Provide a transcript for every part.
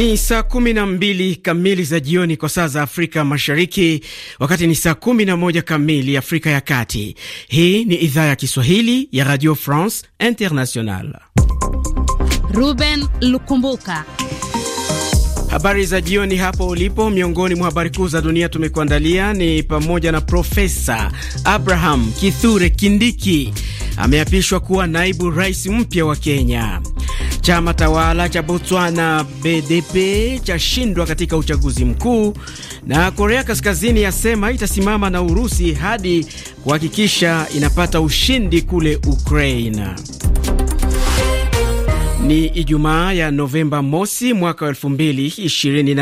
Ni saa kumi na mbili kamili za jioni kwa saa za Afrika Mashariki, wakati ni saa kumi na moja kamili Afrika ya Kati. Hii ni idhaa ya Kiswahili ya Radio France International. Ruben Lukumbuka, Habari za jioni hapo ulipo. Miongoni mwa habari kuu za dunia tumekuandalia ni pamoja na Profesa Abraham Kithure Kindiki ameapishwa kuwa naibu rais mpya wa Kenya. Chama tawala cha Botswana BDP chashindwa katika uchaguzi mkuu, na Korea Kaskazini yasema itasimama na Urusi hadi kuhakikisha inapata ushindi kule Ukraina. Ni Ijumaa ya Novemba mosi mwaka wa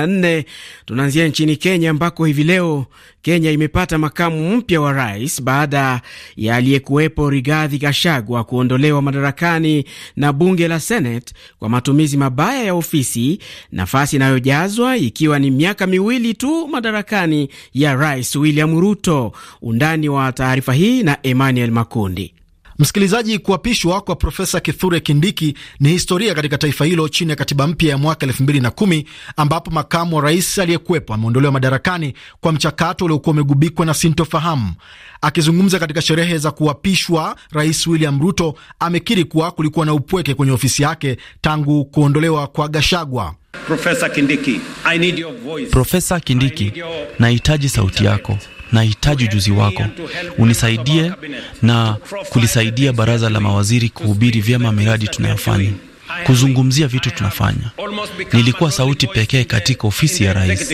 nne. Tunaanzia nchini Kenya ambako hivi leo Kenya imepata makamu mpya wa rais baada ya aliyekuwepo Rigathi Gachagua kuondolewa madarakani na bunge la Senate kwa matumizi mabaya ya ofisi, nafasi inayojazwa ikiwa ni miaka miwili tu madarakani ya Rais William Ruto. Undani wa taarifa hii na Emmanuel Makundi. Msikilizaji, kuapishwa kwa Profesa Kithure Kindiki ni historia katika taifa hilo chini ya katiba mpya ya mwaka elfu mbili na kumi ambapo makamu wa rais aliyekuwepo ameondolewa madarakani kwa mchakato uliokuwa umegubikwa na sintofahamu. Akizungumza katika sherehe za kuapishwa, Rais William Ruto amekiri kuwa kulikuwa na upweke kwenye ofisi yake tangu kuondolewa kwa Gashagwa. Profesa Kindiki, Kindiki, nahitaji sauti yako nahitaji ujuzi wako, unisaidie na kulisaidia baraza la mawaziri kuhubiri vyema miradi tunayofanya kuzungumzia vitu tunafanya. Nilikuwa sauti pekee katika ofisi ya rais.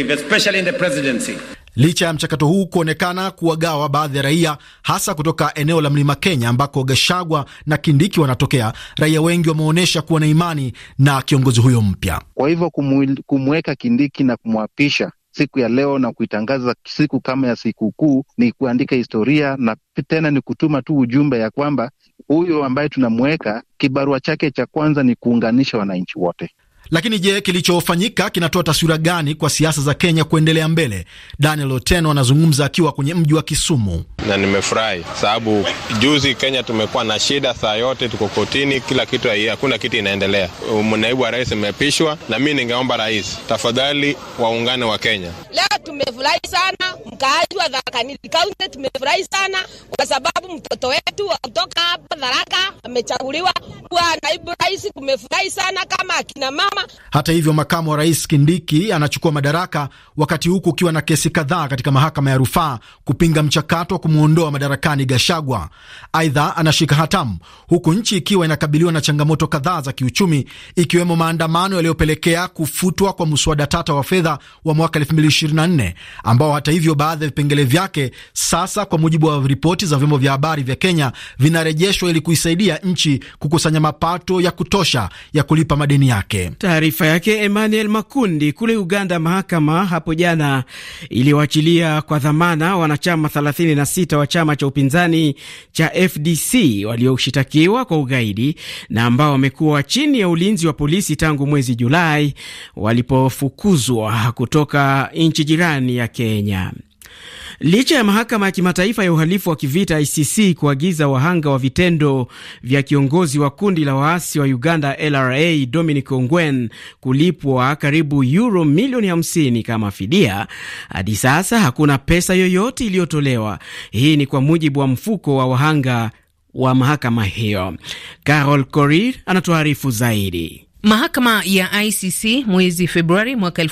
Licha ya mchakato huu kuonekana kuwagawa baadhi ya raia, hasa kutoka eneo la mlima Kenya ambako Gashagwa na Kindiki wanatokea, raia wengi wameonyesha kuwa na imani na kiongozi huyo mpya. Kwa hivyo kumweka Kindiki na kumwapisha siku ya leo na kuitangaza siku kama ya sikukuu ni kuandika historia, na tena ni kutuma tu ujumbe ya kwamba huyu ambaye tunamweka kibarua chake cha kwanza ni kuunganisha wananchi wote. Lakini je, kilichofanyika kinatoa taswira gani kwa siasa za Kenya kuendelea mbele? Daniel oteno anazungumza akiwa kwenye mji wa Kisumu. na nimefurahi sababu juzi Kenya tumekuwa na shida, saa yote tuko kotini, kila kitu, hakuna kitu inaendelea. Um, naibu wa rais imepishwa, na mi ningeomba rais tafadhali waungane wa Kenya. Leo tumefurahi sana, mkaaji wa Tharakanithi kaunti tumefurahi sana kwa sababu mtoto wetu kutoka hapa Tharaka amechaguliwa naibu rais, kumefurahi sana kama akina mama. Hata hivyo, makamu wa rais Kindiki anachukua madaraka wakati huku ukiwa na kesi kadhaa katika mahakama ya rufaa kupinga mchakato wa kumwondoa madarakani Gashagwa. Aidha, anashika hatamu huku nchi ikiwa inakabiliwa na changamoto kadhaa za kiuchumi, ikiwemo maandamano yaliyopelekea kufutwa kwa mswada tata wa fedha wa mwaka 2024 ambao hata hivyo baadhi ya vipengele vyake sasa, kwa mujibu wa ripoti za vyombo vya habari vya Kenya, vinarejeshwa ili kuisaidia nchi kukusanya mapato ya kutosha ya kulipa madeni yake. Taarifa yake Emmanuel Makundi. Kule Uganda, mahakama hapo jana iliwaachilia kwa dhamana wanachama 36 wa chama cha upinzani cha FDC walioshitakiwa kwa ugaidi na ambao wamekuwa chini ya ulinzi wa polisi tangu mwezi Julai walipofukuzwa kutoka nchi jirani ya Kenya. Licha ya mahakama ya kimataifa ya uhalifu wa kivita ICC kuagiza wahanga wa vitendo vya kiongozi wa kundi la waasi wa Uganda LRA Dominic Ongwen kulipwa karibu euro milioni 50 kama fidia, hadi sasa hakuna pesa yoyote iliyotolewa. Hii ni kwa mujibu wa mfuko wa wahanga wa mahakama hiyo. Carol Korir anatuarifu zaidi. Mahakama ya ICC mwezi Februari mwaka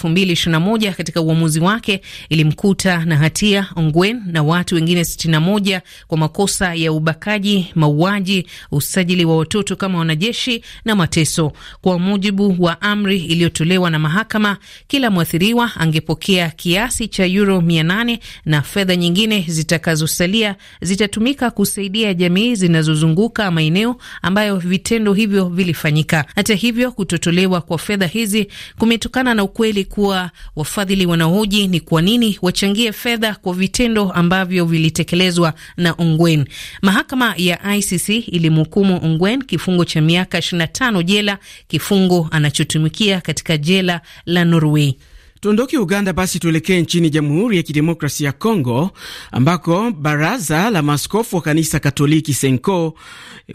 moja katika uamuzi wake ilimkuta na hatia Ongwen na watu wengine moja kwa makosa ya ubakaji, mauaji, usajili wa watoto kama wanajeshi na mateso. Kwa mujibu wa amri iliyotolewa na mahakama, kila mwathiriwa angepokea kiasi cha mia nane na fedha nyingine zitakazosalia zitatumika kusaidia jamii zinazozunguka maeneo ambayo vitendo hivyo vilifanyika. Hata hivyo kutotolewa kwa fedha hizi kumetokana na ukweli kuwa wafadhili wanaohoji ni kwa nini wachangie fedha kwa vitendo ambavyo vilitekelezwa na Ongwen. Mahakama ya ICC ilimhukumu Ongwen kifungo cha miaka 25 jela, kifungo anachotumikia katika jela la Norway. Tuondoke Uganda basi tuelekee nchini Jamhuri ya Kidemokrasia ya Kongo ambako baraza la maskofu wa kanisa Katoliki Senko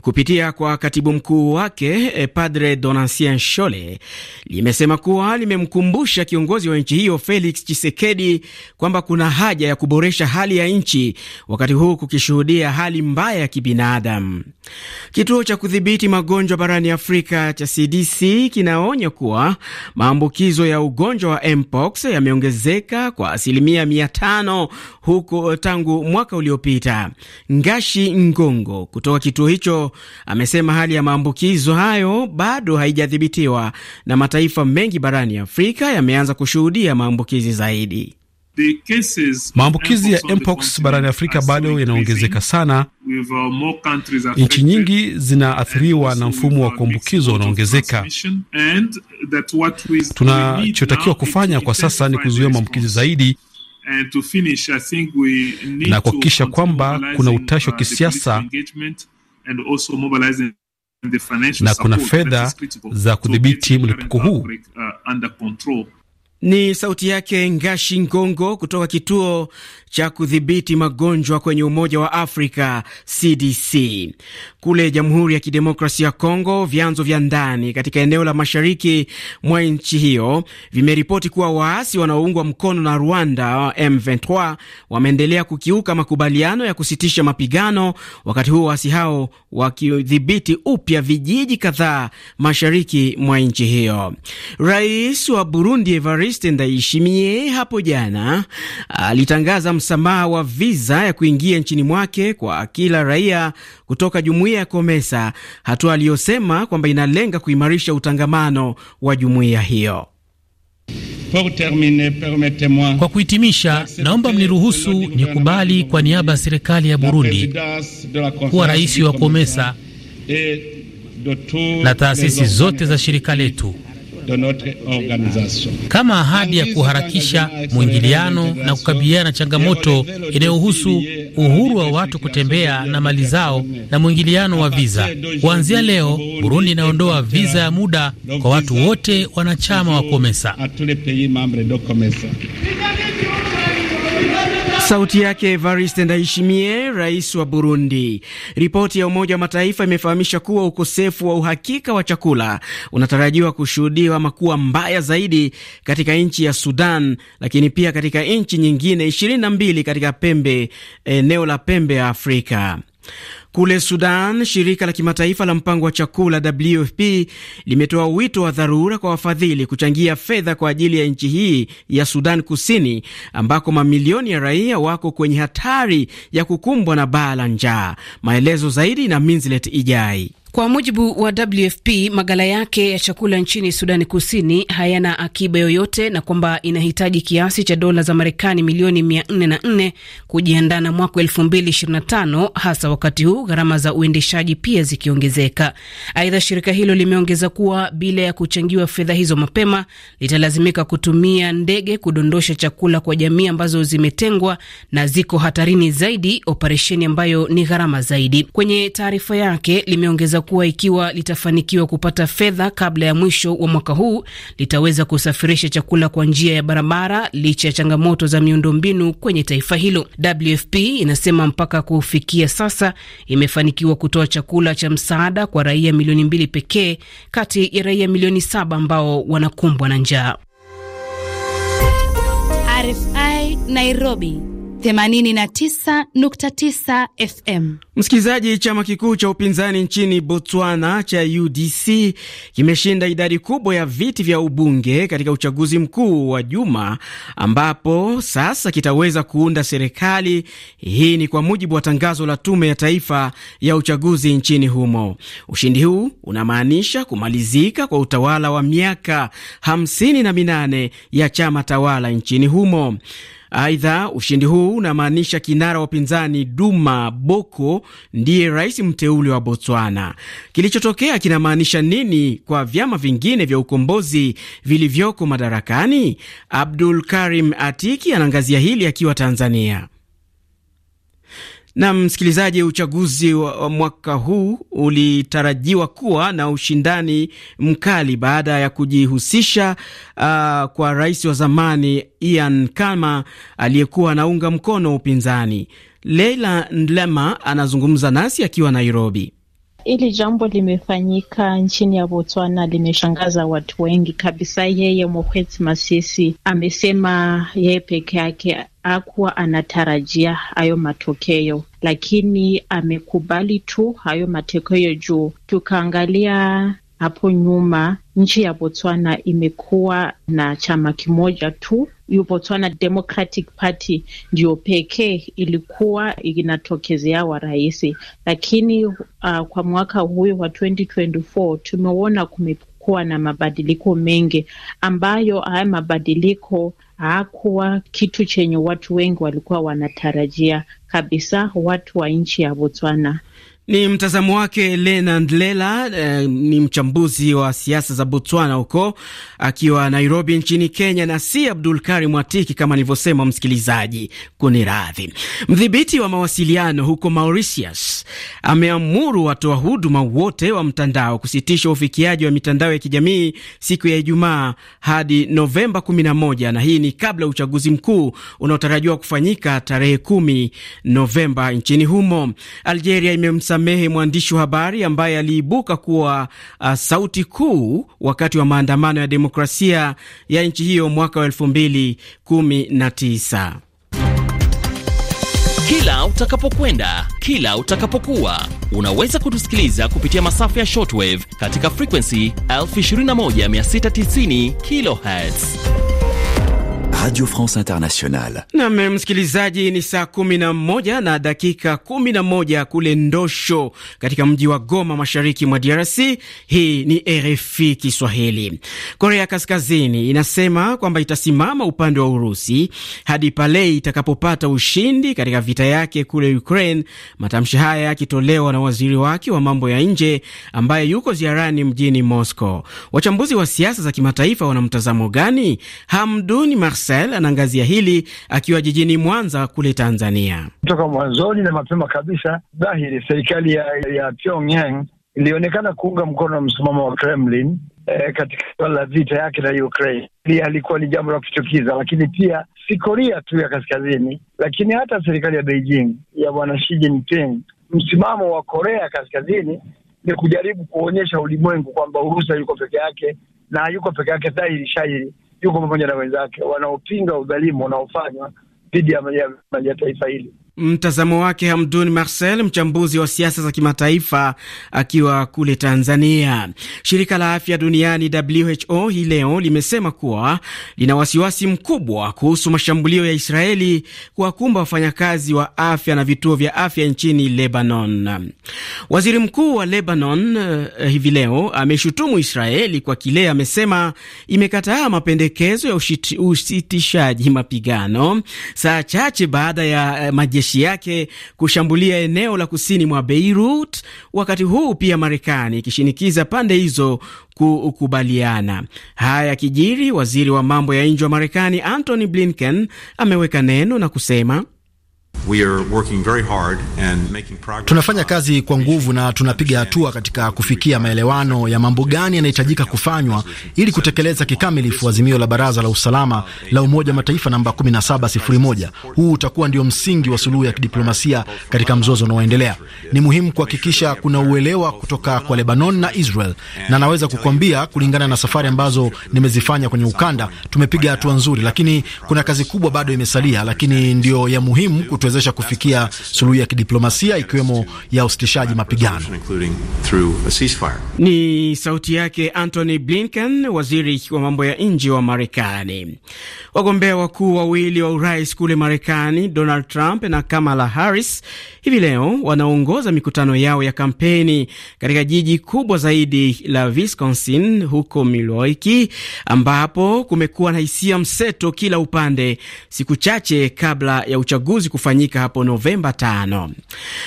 kupitia kwa katibu mkuu wake eh, Padre Donatien Shole limesema kuwa limemkumbusha kiongozi wa nchi hiyo Felix chisekedi kwamba kuna haja ya kuboresha hali ya nchi wakati huu kukishuhudia hali mbaya ya kibinadamu. Kituo cha kudhibiti magonjwa barani Afrika cha CDC kinaonya kuwa maambukizo ya ugonjwa wa mpox mpox yameongezeka kwa asilimia mia tano huko eh, tangu mwaka uliopita. Ngashi Ngongo kutoka kituo hicho amesema hali ya maambukizo hayo bado haijadhibitiwa na mataifa mengi barani Afrika yameanza kushuhudia maambukizi zaidi. Maambukizi ya mpox barani Afrika bado yanaongezeka sana. Uh, Nchi nyingi zinaathiriwa na mfumo wa kuambukizwa unaongezeka. Tunachotakiwa kufanya kwa sasa ni kuzuia maambukizi zaidi finish, na kuhakikisha kwamba kuna utashi wa uh, kisiasa na kuna fedha za kudhibiti mlipuko huu. Uh, ni sauti yake Ngashi Ngongo kutoka kituo cha kudhibiti magonjwa kwenye Umoja wa Afrika CDC. Kule Jamhuri ya Kidemokrasia ya Kongo, vyanzo vya ndani katika eneo la mashariki mwa nchi hiyo vimeripoti kuwa waasi wanaoungwa mkono na Rwanda M23 wameendelea kukiuka makubaliano ya kusitisha mapigano, wakati huo waasi hao wakidhibiti upya vijiji kadhaa mashariki mwa nchi hiyo. Rais wa Burundi Evari Evariste Ndayishimiye hapo jana alitangaza msamaha wa visa ya kuingia nchini mwake kwa kila raia kutoka jumuiya ya Komesa, hatua aliyosema kwamba inalenga kuimarisha utangamano wa jumuiya hiyo. Kwa kuhitimisha, naomba mniruhusu nikubali kwa niaba ya serikali ya Burundi kuwa rais wa Komesa na taasisi zote za shirika letu kama ahadi ya kuharakisha mwingiliano na kukabiliana na changamoto inayohusu uhuru wa watu kutembea na mali zao na mwingiliano wa viza. Kuanzia leo, Burundi inaondoa viza ya muda kwa watu wote wanachama wa COMESA. Sauti yake Evariste Ndayishimiye, rais wa Burundi. Ripoti ya Umoja wa Mataifa imefahamisha kuwa ukosefu wa uhakika wa chakula unatarajiwa kushuhudiwa ama kuwa mbaya zaidi katika nchi ya Sudan, lakini pia katika nchi nyingine 22 katika pembe eneo la pembe ya Afrika. Kule Sudan, shirika la kimataifa la mpango wa chakula WFP limetoa wito wa dharura kwa wafadhili kuchangia fedha kwa ajili ya nchi hii ya Sudan Kusini, ambako mamilioni ya raia wako kwenye hatari ya kukumbwa na baa la njaa. Maelezo zaidi na Minzilet Ijai. Kwa mujibu wa WFP, magala yake ya chakula nchini Sudani Kusini hayana akiba yoyote na kwamba inahitaji kiasi cha dola za Marekani milioni 404 kujiandaa na mwaka 2025 hasa wakati huu gharama za uendeshaji pia zikiongezeka. Aidha, shirika hilo limeongeza kuwa bila ya kuchangiwa fedha hizo mapema litalazimika kutumia ndege kudondosha chakula kwa jamii ambazo zimetengwa na ziko hatarini zaidi, operesheni ambayo ni gharama zaidi. Kwenye taarifa yake limeongeza kuwa ikiwa litafanikiwa kupata fedha kabla ya mwisho wa mwaka huu litaweza kusafirisha chakula kwa njia ya barabara licha ya changamoto za miundombinu kwenye taifa hilo. WFP inasema mpaka kufikia sasa imefanikiwa kutoa chakula cha msaada kwa raia milioni mbili pekee kati ya raia milioni saba ambao wanakumbwa na njaa. RFI Nairobi 89.9 FM. Msikilizaji, chama kikuu cha upinzani nchini Botswana cha UDC kimeshinda idadi kubwa ya viti vya ubunge katika uchaguzi mkuu wa juma, ambapo sasa kitaweza kuunda serikali. Hii ni kwa mujibu wa tangazo la tume ya taifa ya uchaguzi nchini humo. Ushindi huu unamaanisha kumalizika kwa utawala wa miaka 58 ya chama tawala nchini humo. Aidha, ushindi huu unamaanisha kinara wa upinzani Duma Boko ndiye rais mteule wa Botswana. Kilichotokea kinamaanisha nini kwa vyama vingine vya ukombozi vilivyoko madarakani? Abdul Karim Atiki anaangazia hili akiwa Tanzania. Na msikilizaji, uchaguzi wa mwaka huu ulitarajiwa kuwa na ushindani mkali baada ya kujihusisha uh, kwa rais wa zamani Ian Kama aliyekuwa anaunga mkono upinzani. Leila Ndlema anazungumza nasi akiwa Nairobi. Hili jambo limefanyika nchini ya Botswana limeshangaza watu wengi kabisa. Yeye Mokgweetsi Masisi amesema yeye peke yake hakuwa anatarajia hayo matokeo, lakini amekubali tu hayo matokeo juu tukaangalia hapo nyuma nchi ya Botswana imekuwa na chama kimoja tu, Botswana Democratic Party ndio pekee ilikuwa inatokezea wa rais, lakini uh, kwa mwaka huyu wa 2024 tumeona kumekuwa na mabadiliko mengi ambayo haya mabadiliko hakuwa kitu chenye watu wengi walikuwa wanatarajia kabisa. Watu wa nchi ya Botswana ni mtazamo wake Leonard Lela eh, ni mchambuzi wa siasa za Botswana huko akiwa Nairobi nchini Kenya, na si Abdul Karim Watiki kama nilivyosema, msikilizaji kuniradhi. Mdhibiti wa mawasiliano huko Mauritius ameamuru watoa huduma wote wa mtandao kusitisha ufikiaji wa mitandao ya kijamii siku ya Ijumaa hadi Novemba 11, na hii ni kabla ya uchaguzi mkuu unaotarajiwa kufanyika tarehe 10 Novemba nchini humo. Algeria imemsa kumsamehe mwandishi wa habari ambaye aliibuka kuwa uh, sauti kuu wakati wa maandamano ya demokrasia ya nchi hiyo mwaka wa 2019. Kila utakapokwenda, kila utakapokuwa, unaweza kutusikiliza kupitia masafa ya shortwave katika frequency 21690 kilohertz Radio France Internationale. Nam msikilizaji, ni saa kumi na moja na dakika kumi na moja kule Ndosho katika mji wa Goma, mashariki mwa DRC. Hii ni RFI Kiswahili. Korea Kaskazini inasema kwamba itasimama upande wa Urusi hadi pale itakapopata ushindi katika vita yake kule Ukraine. Matamshi haya yakitolewa na waziri wake wa mambo ya nje ambaye yuko ziarani mjini Moscow. Wachambuzi wa siasa za kimataifa wana mtazamo gani? Hamduni Marsa Israel anaangazia hili akiwa jijini Mwanza kule Tanzania. Kutoka mwanzoni na mapema kabisa, dhahiri serikali ya, ya Pyongyang ilionekana kuunga mkono msimamo wa Kremlin eh, katika suala la vita yake na Ukraine. alikuwa halikuwa ni jambo la kuchukiza, lakini pia si Korea tu ya kaskazini, lakini hata serikali ya Beijing ya bwana Xi Jinping. Msimamo wa Korea kaskazini ni kujaribu kuonyesha ulimwengu kwamba Urusi yuko peke yake na yuko peke yake dhahiri shahiri yuko pamoja na wenzake wanaopinga udhalimu unaofanywa dhidi ya taifa hili. Mtazamo wake Hamdun Marcel, mchambuzi wa siasa za kimataifa akiwa kule Tanzania. Shirika la afya duniani WHO hii leo limesema kuwa lina wasiwasi mkubwa kuhusu mashambulio ya Israeli kuwakumba wafanyakazi wa afya na vituo vya afya nchini Lebanon. Waziri mkuu wa Lebanon uh, hivi leo ameshutumu Israeli kwa kile amesema imekataa mapendekezo ya usitishaji mapigano saa chache baada ya uh, majeshi majeshi yake kushambulia eneo la kusini mwa Beirut, wakati huu pia Marekani ikishinikiza pande hizo kukubaliana. Haya kijiri, waziri wa mambo ya nje wa Marekani Antony Blinken ameweka neno na kusema Tunafanya kazi kwa nguvu na tunapiga hatua katika kufikia maelewano ya mambo gani yanahitajika kufanywa ili kutekeleza kikamilifu azimio la Baraza la Usalama la Umoja wa Mataifa namba 1701. Huu utakuwa ndio msingi wa suluhu ya kidiplomasia katika mzozo unaoendelea. Ni muhimu kuhakikisha kuna uelewa kutoka kwa Lebanon na Israel, na naweza kukuambia kulingana na safari ambazo nimezifanya kwenye ukanda, tumepiga hatua nzuri, lakini kuna kazi kubwa bado imesalia, lakini ndio ya muhimu kutu kutuwezesha kufikia suluhu ya kidiplomasia ikiwemo ya usitishaji mapigano. Ni sauti yake Antony Blinken, waziri wa mambo ya nje wa Marekani. Wagombea wakuu wawili wa urais kule Marekani, Donald Trump na Kamala Harris, hivi leo wanaongoza mikutano yao ya kampeni katika jiji kubwa zaidi la Wisconsin, huko Milwaukee, ambapo kumekuwa na hisia mseto kila upande siku chache kabla ya uchaguzi kufanyika kufanyika hapo Novemba 5.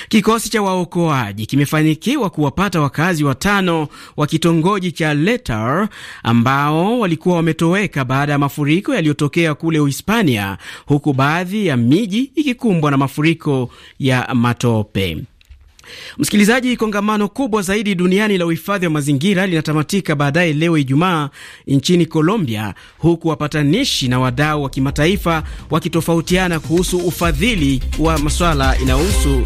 Kikosi cha waokoaji kimefanikiwa kuwapata wakazi watano wa kitongoji cha Letar ambao walikuwa wametoweka baada ya mafuriko yaliyotokea kule Uhispania, huku baadhi ya miji ikikumbwa na mafuriko ya matope. Msikilizaji, kongamano kubwa zaidi duniani la uhifadhi wa mazingira linatamatika baadaye leo Ijumaa nchini Colombia, huku wapatanishi na wadau wa kimataifa wakitofautiana kuhusu ufadhili wa masuala inayohusu